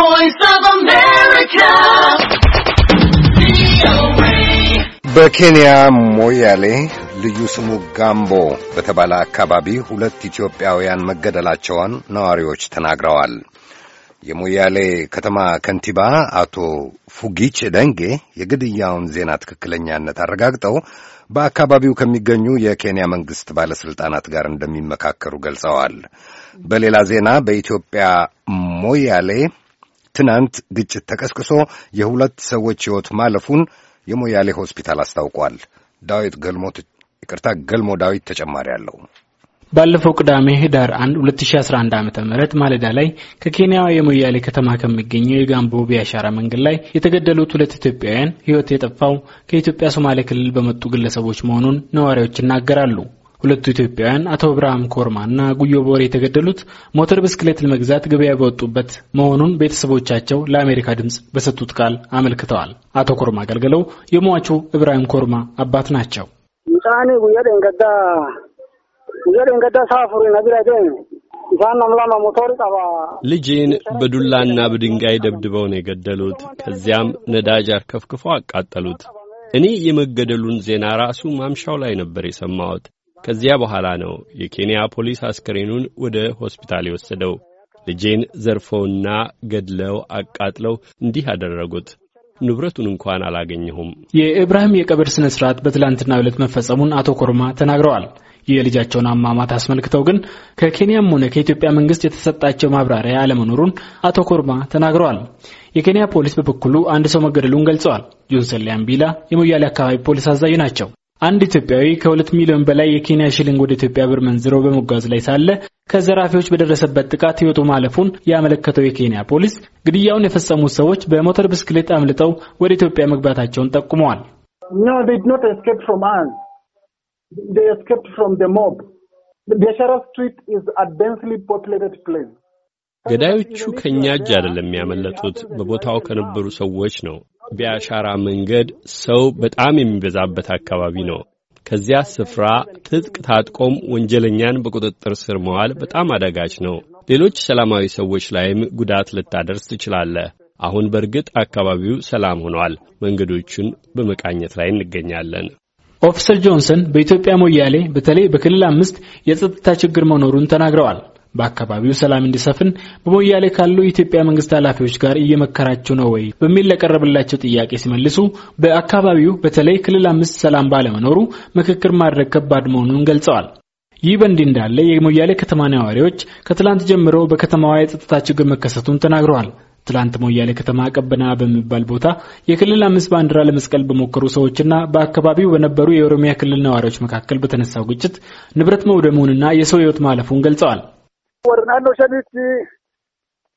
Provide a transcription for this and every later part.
voice በኬንያ ሞያሌ ልዩ ስሙ ጋምቦ በተባለ አካባቢ ሁለት ኢትዮጵያውያን መገደላቸውን ነዋሪዎች ተናግረዋል። የሞያሌ ከተማ ከንቲባ አቶ ፉጊች ደንጌ የግድያውን ዜና ትክክለኛነት አረጋግጠው በአካባቢው ከሚገኙ የኬንያ መንግሥት ባለሥልጣናት ጋር እንደሚመካከሩ ገልጸዋል። በሌላ ዜና በኢትዮጵያ ሞያሌ ትናንት ግጭት ተቀስቅሶ የሁለት ሰዎች ሕይወት ማለፉን የሞያሌ ሆስፒታል አስታውቋል። ዳዊት ገልሞ ይቅርታ፣ ገልሞ ዳዊት ተጨማሪ አለው። ባለፈው ቅዳሜ ህዳር 1 2011 ዓ ምህረት ማለዳ ላይ ከኬንያዋ የሞያሌ ከተማ ከሚገኘው የጋምቦ ቢያሻራ መንገድ ላይ የተገደሉት ሁለት ኢትዮጵያውያን ህይወት የጠፋው ከኢትዮጵያ ሶማሌ ክልል በመጡ ግለሰቦች መሆኑን ነዋሪዎች ይናገራሉ። ሁለቱ ኢትዮጵያውያን አቶ ብርሃም ኮርማ እና ጉዮ ቦሬ የተገደሉት ሞተር ብስክሌት ለመግዛት ገበያ በወጡበት መሆኑን ቤተሰቦቻቸው ለአሜሪካ ድምፅ በሰጡት ቃል አመልክተዋል። አቶ ኮርማ አገልግለው የሟቹ እብራሂም ኮርማ አባት ናቸው። ልጄን በዱላና በድንጋይ ደብድበው ነው የገደሉት። ከዚያም ነዳጅ አርከፍክፎ አቃጠሉት። እኔ የመገደሉን ዜና ራሱ ማምሻው ላይ ነበር የሰማሁት። ከዚያ በኋላ ነው የኬንያ ፖሊስ አስከሬኑን ወደ ሆስፒታል የወሰደው። ልጄን ዘርፈውና ገድለው አቃጥለው እንዲህ አደረጉት። ንብረቱን እንኳን አላገኘሁም። የኢብራሂም የቀብር ስነ ስርዓት በትላንትና ዕለት መፈጸሙን አቶ ኮርማ ተናግረዋል። የልጃቸውን አሟሟት አስመልክተው ግን ከኬንያም ሆነ ከኢትዮጵያ መንግስት የተሰጣቸው ማብራሪያ አለመኖሩን አቶ ኮርማ ተናግረዋል። የኬንያ ፖሊስ በበኩሉ አንድ ሰው መገደሉን ገልጸዋል። ጆንሰን ሊያምቢላ የሞያሌ አካባቢ ፖሊስ አዛዥ ናቸው። አንድ ኢትዮጵያዊ ከሁለት ሚሊዮን በላይ የኬንያ ሺሊንግ ወደ ኢትዮጵያ ብር መንዝሮ በመጓዝ ላይ ሳለ ከዘራፊዎች በደረሰበት ጥቃት ሕይወቱ ማለፉን ያመለከተው የኬንያ ፖሊስ ግድያውን የፈጸሙት ሰዎች በሞተር ብስክሌት አምልጠው ወደ ኢትዮጵያ መግባታቸውን ጠቁመዋል። ገዳዮቹ ከእኛ እጅ አይደለም ያመለጡት፣ በቦታው ከነበሩ ሰዎች ነው። ቢያሻራ መንገድ ሰው በጣም የሚበዛበት አካባቢ ነው። ከዚያ ስፍራ ትጥቅ ታጥቆም ወንጀለኛን በቁጥጥር ስር መዋል በጣም አዳጋች ነው። ሌሎች ሰላማዊ ሰዎች ላይም ጉዳት ልታደርስ ትችላለህ። አሁን በእርግጥ አካባቢው ሰላም ሆኗል። መንገዶቹን በመቃኘት ላይ እንገኛለን። ኦፊሰር ጆንሰን በኢትዮጵያ ሞያሌ በተለይ በክልል አምስት የጸጥታ ችግር መኖሩን ተናግረዋል። በአካባቢው ሰላም እንዲሰፍን በሞያሌ ካሉ የኢትዮጵያ መንግስት ኃላፊዎች ጋር እየመከራችሁ ነው ወይ በሚል ለቀረበላቸው ጥያቄ ሲመልሱ በአካባቢው በተለይ ክልል አምስት ሰላም ባለመኖሩ ምክክር ማድረግ ከባድ መሆኑን ገልጸዋል። ይህ በእንዲህ እንዳለ የሞያሌ ከተማ ነዋሪዎች ከትላንት ጀምሮ በከተማዋ የጸጥታ ችግር መከሰቱን ተናግረዋል። ትላንት ሞያሌ ከተማ ቀበና በሚባል ቦታ የክልል አምስት ባንዲራ ለመስቀል በሞከሩ ሰዎችና በአካባቢው በነበሩ የኦሮሚያ ክልል ነዋሪዎች መካከል በተነሳው ግጭት ንብረት መውደሙንና የሰው ሕይወት ማለፉን ገልጸዋል። Warra naannoo shaniitti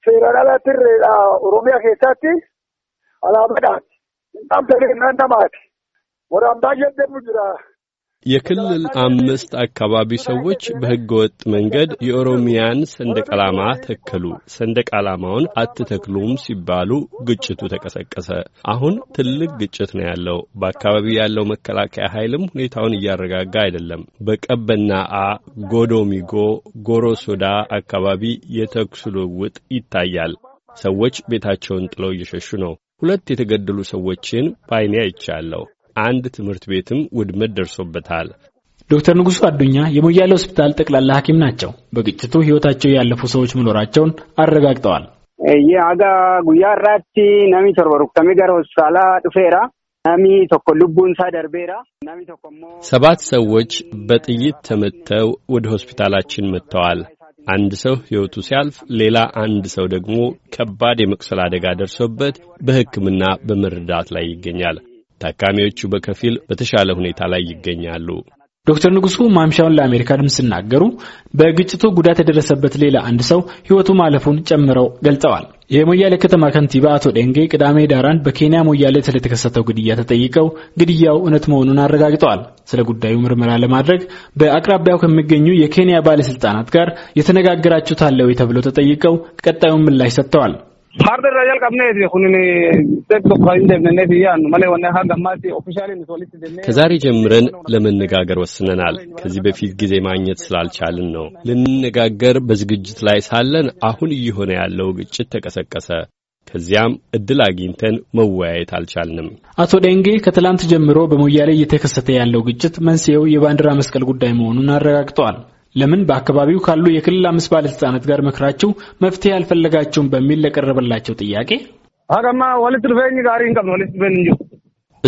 seeraan alaatti irreedha Oromiyaa keessatti alaabadhaati. Naam ta'ee naannamaati. Waraabaa jedhamu jira. የክልል አምስት አካባቢ ሰዎች በሕገ ወጥ መንገድ የኦሮሚያን ሰንደቅ ዓላማ ተከሉ። ሰንደቅ ዓላማውን አትተክሉም ሲባሉ ግጭቱ ተቀሰቀሰ። አሁን ትልቅ ግጭት ነው ያለው። በአካባቢው ያለው መከላከያ ኃይልም ሁኔታውን እያረጋጋ አይደለም። በቀበና አ ጎዶሚጎ፣ ጎሮሶዳ አካባቢ የተኩስ ልውውጥ ይታያል። ሰዎች ቤታቸውን ጥለው እየሸሹ ነው። ሁለት የተገደሉ ሰዎችን ባይኔ አይቻለሁ። አንድ ትምህርት ቤትም ውድመት ደርሶበታል። ዶክተር ንጉሱ አዱኛ የሞያሌ ሆስፒታል ጠቅላላ ሐኪም ናቸው። በግጭቱ ህይወታቸው ያለፉ ሰዎች መኖራቸውን አረጋግጠዋል። የአጋ ጉያ ራቲ ነሚ ተርበሩክተሚ ጋር ሆስፒታላ ዱፌራ ናሚ ቶኮ ልቡንሳ ደርቤራ ናሚ ቶኮ ሰባት ሰዎች በጥይት ተመተው ወደ ሆስፒታላችን መጥተዋል። አንድ ሰው ሕይወቱ ሲያልፍ ሌላ አንድ ሰው ደግሞ ከባድ የመቁሰል አደጋ ደርሶበት በሕክምና በመርዳት ላይ ይገኛል። ታካሚዎቹ በከፊል በተሻለ ሁኔታ ላይ ይገኛሉ። ዶክተር ንጉሱ ማምሻውን ለአሜሪካ ድምፅ ሲናገሩ በግጭቱ ጉዳት የደረሰበት ሌላ አንድ ሰው ሕይወቱ ማለፉን ጨምረው ገልጸዋል። የሞያሌ ከተማ ከንቲባ አቶ ደንጌ ቅዳሜ ዳራን በኬንያ ሞያሌ ስለተከሰተው ግድያ ተጠይቀው ግድያው እውነት መሆኑን አረጋግጠዋል። ስለ ጉዳዩ ምርመራ ለማድረግ በአቅራቢያው ከሚገኙ የኬንያ ባለስልጣናት ጋር የተነጋገራችሁት አለ ወይ ተብሎ ተጠይቀው ቀጣዩን ምላሽ ሰጥተዋል። Rajal kunini male gamati officially ከዛሬ ጀምረን ለመነጋገር ወስነናል። ከዚህ በፊት ጊዜ ማግኘት ስላልቻልን ነው። ልንነጋገር በዝግጅት ላይ ሳለን አሁን እየሆነ ያለው ግጭት ተቀሰቀሰ። ከዚያም እድል አግኝተን መወያየት አልቻልንም። አቶ ደንጌ ከትላንት ጀምሮ በሞያሌ እየተከሰተ ያለው ግጭት መንስኤው የባንዲራ መስቀል ጉዳይ መሆኑን አረጋግጠዋል። ለምን በአካባቢው ካሉ የክልል አምስት ባለስልጣናት ጋር መክራችሁ መፍትሄ አልፈለጋችሁም በሚል ለቀረበላቸው ጥያቄ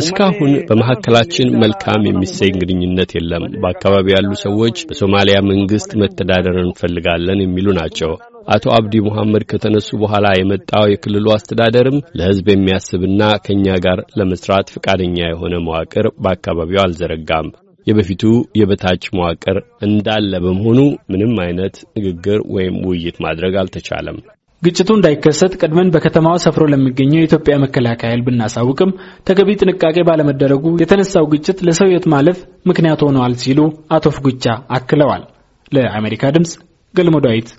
እስካሁን በመካከላችን መልካም የሚሰኝ ግንኙነት የለም። በአካባቢው ያሉ ሰዎች በሶማሊያ መንግስት መተዳደር እንፈልጋለን የሚሉ ናቸው። አቶ አብዲ ሙሐመድ ከተነሱ በኋላ የመጣው የክልሉ አስተዳደርም ለሕዝብ የሚያስብና ከእኛ ጋር ለመስራት ፈቃደኛ የሆነ መዋቅር በአካባቢው አልዘረጋም። የበፊቱ የበታች መዋቅር እንዳለ በመሆኑ ምንም አይነት ንግግር ወይም ውይይት ማድረግ አልተቻለም። ግጭቱ እንዳይከሰት ቀድመን በከተማዋ ሰፍሮ ለሚገኘው የኢትዮጵያ መከላከያ ኃይል ብናሳውቅም ተገቢ ጥንቃቄ ባለመደረጉ የተነሳው ግጭት ለሰው ሕይወት ማለፍ ምክንያት ሆነዋል ሲሉ አቶ ፍጉቻ አክለዋል። ለአሜሪካ ድምፅ ገልሞ ዳዊት